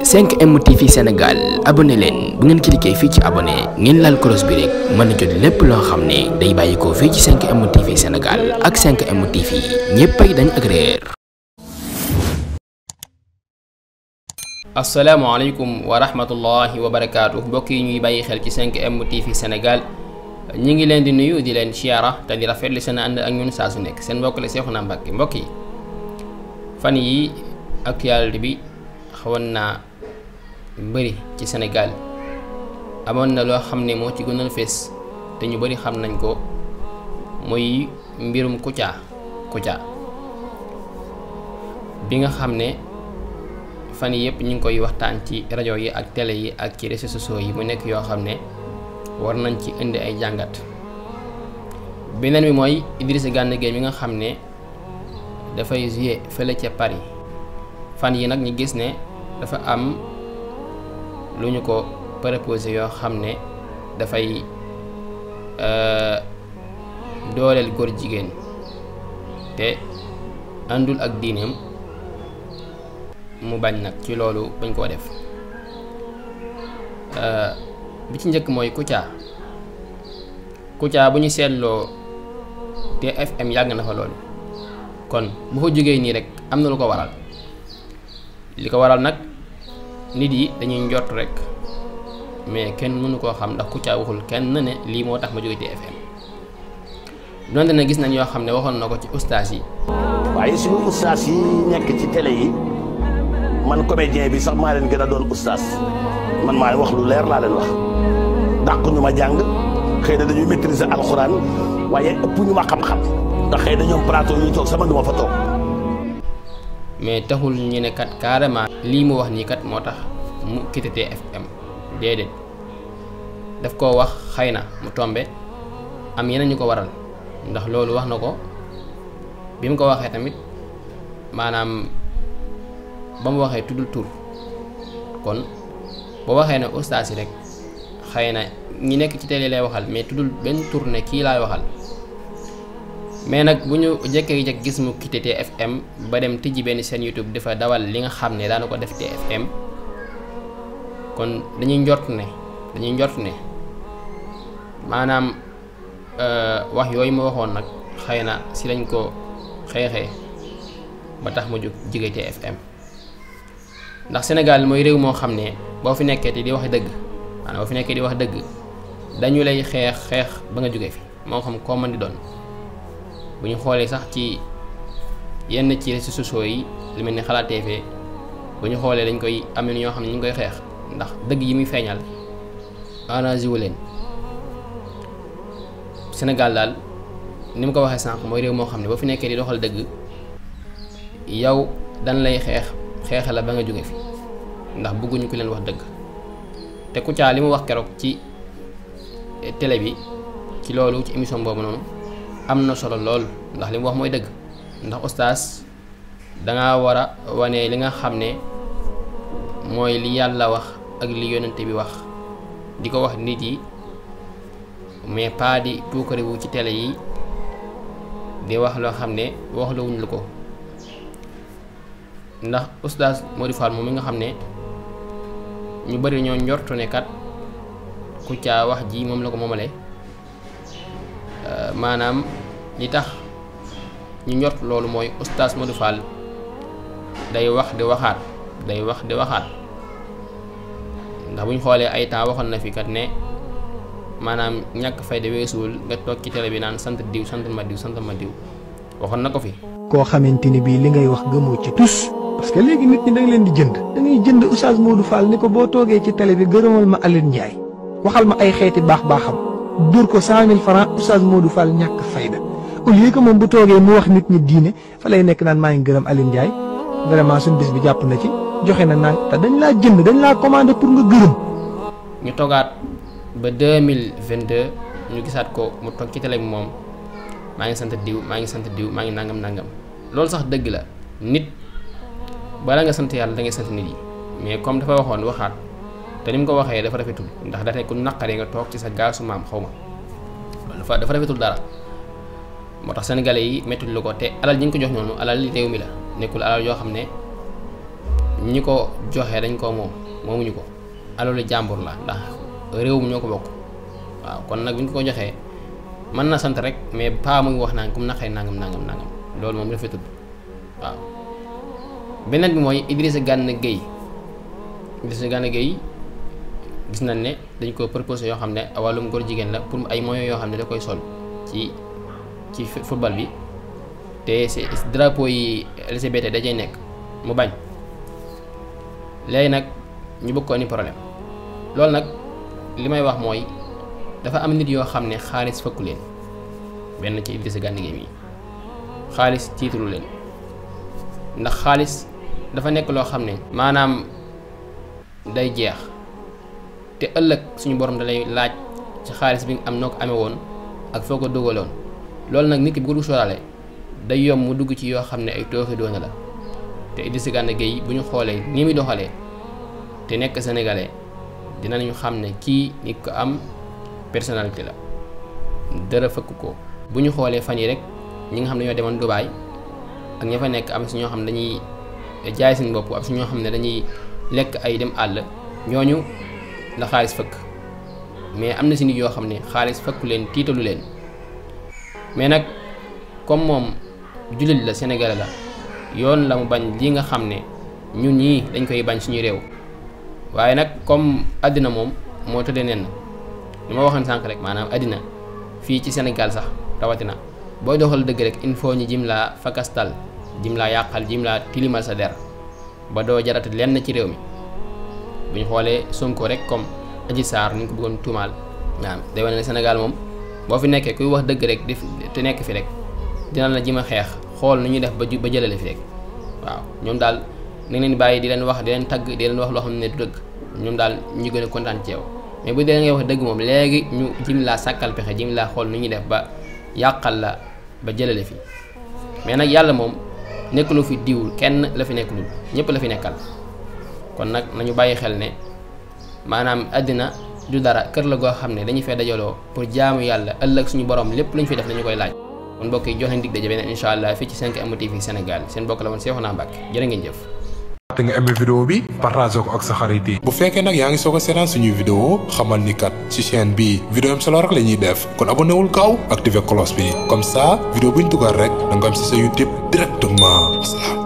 5M TV Sénégal abonné leen bu ngeen cliquer fii ci abonné ngeen laal cloche bi rek mën jot lépp loo xam ne day bàyyikoo fii ci 5M TV Sénégal ak 5M TV ñéppay dañ ak réer asalaamaaleykum wa rahmatullahi wa barakaatu mbokk yi ñuy bàyyi xel ci 5M TV Sénégal ñi ngi leen di nuyu di leen siyaara te di li seen ànd ak ñun saa su nekk seen mbokk la Seexuna Mbàkke mbokk yi fan yi actualité bi xawoon naa bëri ci senegal amoon na loo xam ne moo ci gënoon fees te ñu bari xam nañ ko muy mbirum Kouthia Kouthia bi nga xam ne fan yëpp ñu ngi koy waxtaan ci rajo yi ak télé yi ak ci réseaux sociaux yi mu nekk yoo xam ne war nañ ci indi ay jàngat beneen bi mooy Idrissa Gana Gueye mi nga xam ne dafay jouer fële ca Paris fan yi nag ñu gis ne dafa am lu ñu ko préposé yoo xam ne dafay euh, dooleel góor jigéen te àndul ak diineem mu bañ nag ci loolu bañ koo def euh, bi ci njëkk mooy Kouthia Kouthia bu ñu seetloo TFM yàgg na fa loolu kon bu fa jógee nii rek am na lu ko waral li ko waral nag nit yi dañuy njort rek mais kenn mënu koo xam ndax Kouthia waxul kenn ne lii moo tax ma jóge TFM donte na gis nañ yoo xam ne waxoon na ko ci ustaas yi. waaye suñu ustaas yi nekk ci télé yi man comédien bi sax maa leen gën a doon ustaas man maa wax lu leer laa leen wax dàq nu ma jàng xëy na dañuy maîtriser alxuraan waaye ëpp ñu ma xam-xam ndax xëy na ñoom plateau yi ñu toog sama du ma fa toog. mais taxul ñu ne kat carrément lii mu wax nii kat moo tax mu quitté TFM déedéet daf ko wax xëy na mu tombe am yeneen ñu ko waral ndax loolu wax na ko bi mu ko waxee tamit maanaam ba mu waxee tuddul tur kon boo waxee ne ustaas yi rek xëy na ñi nekk ci télé lay waxal mais tuddul benn tur ne kii laay waxal mais nag bu ñu jékkee-jékk gis mu quitté TFM ba dem tijji benn seen YouTube dafa dawal li nga xam ne daana ko def TFM kon dañuy njort ne dañuy njort ne maanaam euh, wax yooyu ma waxoon nag xëy na si lañ ko xeexee ba tax mu jóg jige TFM ndax Sénégal mooy réew moo xam ne boo fi nekkee te di wax dëgg maanaam boo fi nekkee di wax dëgg dañu lay xeex xeex ba nga jóge fi moo xam koo mën di doon bu ñu xoolee sax ci yenn ci réseaux sociaux yi lu mel ni Xalaat TV bu ñu xoolee dañ koy am na ñoo xam ne ñu ngi koy xeex ndax dëgg yi muy feeñal arrangé wu leen senegal daal ni mu ko waxee sànq mooy réew moo xam ne boo fi nekkee di doxal dëgg yow dan lay xeex xeexe la ba nga jóge fi ndax bëgguñu ku leen wax dëgg te Kouthia li mu wax keroog ci télé bi ci loolu ci émission boobu noonu. am na solo lool ndax li mu wax mooy dëgg ndax ustaas danga war a wane li nga xam ne mooy li yàlla wax ak li yonente bi wax di ko wax nit yi mais pas di tuukariwu ci télé yi di wax loo xam ne wax la wuñ lu ko ndax ustaas Modou Fall moom mi nga xam ne ñu bari ñoo njortu ne kat ku caa wax ji moom la ko moomale maanaam li tax ñu ñot loolu mooy oustaz Modou day wax di waxaat day wax di waxaat ndax bu ñu xoolee ay temps waxoon na fi kat ne maanaam ñàkk fayde weesuwul nga toog ci télé bi naan sant diw sant ma diw santa ma diw waxoon na ko fi. koo xamante ni bii li ngay wax gëmoo ci tus. parce que léegi nit ñi da leen di jënd. da ngay jënd oustaz Modou ni ko boo toogee ci tele bi gërëmal ma Alioune Ndiaye waxal ma ay xeeti baax baaxam. dóor ko cent mille francs oustaz Modou Fall ñàkk fayda au lieu que moom bu toogee mu wax nit ñi diine fa lay nekk naan maa ngi gërëm Alioune Ndiaye vraiment suñu bis bi jàpp na ci joxe na naan te dañ laa jënd dañ laa commandé pour nga gërëm. ñu toogaat ba deux mille vingt deux ñu gisaat ko mu toog ci télé moom maa ngi sant diw maa ngi sant diw maa ngi nangam nangam loolu sax dëgg la nit bala nga sant yàlla da ngay sant nit yi mais comme dafa waxoon waxaat. te ni mu ko waxee dafa rafetul ndax dafa ne ku naqaree nga toog ci sa gaasu maam xaw ma dafa dafa rafetul dara moo tax sénégalais yi méttul lu ko te alal ñi ngi ko jox noonu alal li réew mi la nekkul alal yoo xam ne ñi ko joxee dañ koo moom moomuñu ko alalu jàmbur la ndax réew mi ñoo ko bokk waaw kon nag bu ñu ko joxee mën na sant rek mais pas muy wax ko mu naqaree nangam nangam nangam loolu moom rafetul waaw beneen bi mooy Idrissa Gana Gueye Idrissa Gana Gueye gis nañ ne dañ ko proposé yoo xam ne wàllum góor jigéen la pour ay moyens yoo xam ne da koy sol ci ci football bi te si drapeau yi LGBT dajay nekk mu bañ léegi nag ñu bëgg ko ni problème loolu nag li may wax mooy dafa am nit yoo xam ne xaalis fëkku leen benn ci Idrissa Gana Gueye xaalis tiitalu leen ndax xaalis dafa nekk loo xam ne maanaam day jeex te ëllëg suñu borom da lay laaj ci xaalis bi nga am noo ko amee woon ak foo ko dugaloon loolu nag nit ki bu ko dugg sóoraale day yomb mu dugg ci yoo xam ne ay tooxi doona la te Idrissa Gana Gueye bu ñu xoolee ni muy doxalee te nekk dina dinañu xam ne kii nit ko am personnalité la dara fëkk ko bu ñu xoolee fan yi rek ñi nga xam ne ñoo demoon Dubaay ak ña fa nekk am si ñoo xam ne dañuy jaay seen bopp am si ñoo xam ne dañuy lekk ay dem àll ñooñu la xaalis fëkk mais am na si nit yoo xam ne xaalis fëkku leen tiitalu leen mais nag comme moom jullit la Sénégal la yoon la mu bañ li nga xam ne ñun ñii dañ koy bañ suñu réew waaye nag comme àddina moom moo tëddee nen li ma waxoon sànq rek maanaam àddina fii ci Sénégal sax rawatina booy doxal dëgg rek il faut ñu jim laa fakastal jim laa yàqal jim laa tilimal sa der ba doo jarat lenn ci réew mi bu ñu xoolee Sonko rek comme Adji saar ni ñu ko bëggoon tuumaal waaw day wane ne moom boo fi nekkee kuy wax dëgg rek def te nekk fi rek dina la jima xeex xool nu ñuy def ba ba jëlale fi rek ñoom daal nañ leen bàyyi di leen wax di leen tagg di leen wax loo dëgg ñoom daal ñu gën a kontaan ci yow dee ngay wax dëgg moom léegi ñu jim laa sàkkal pexe jim laa xool nu ñuy def ba yàqal la ba jëlale fi mais nag yàlla moom nekkuloo fi diwul kenn la fi nekkulul ñëpp la fi nekkal kon nag nañu bàyyi xel ne maanaam àddina du dara kër la goo xam ne dañu fee dajaloo pour jaamu yàlla ëllëg suñu borom lépp lañu fi def nañu koy laaj kon mbokk yi jox leen dig daje beneen incha allah fii ci 5M TV Sénégal seen bokk la woon Cheikhouna Mbacké jërë ngeen jëf. te nga aimé vidéo bi partagé ko ak sa xarit yi bu fekkee nag yaa ngi soog a seetaan suñuy vidéo xamal ni kat ci chaîne bi vidéo am solo rek la ñuy def kon abonné wul gaaw activé cloche bi comme ça vidéo bu ñu dugal rek da nga am si sa YouTube directement.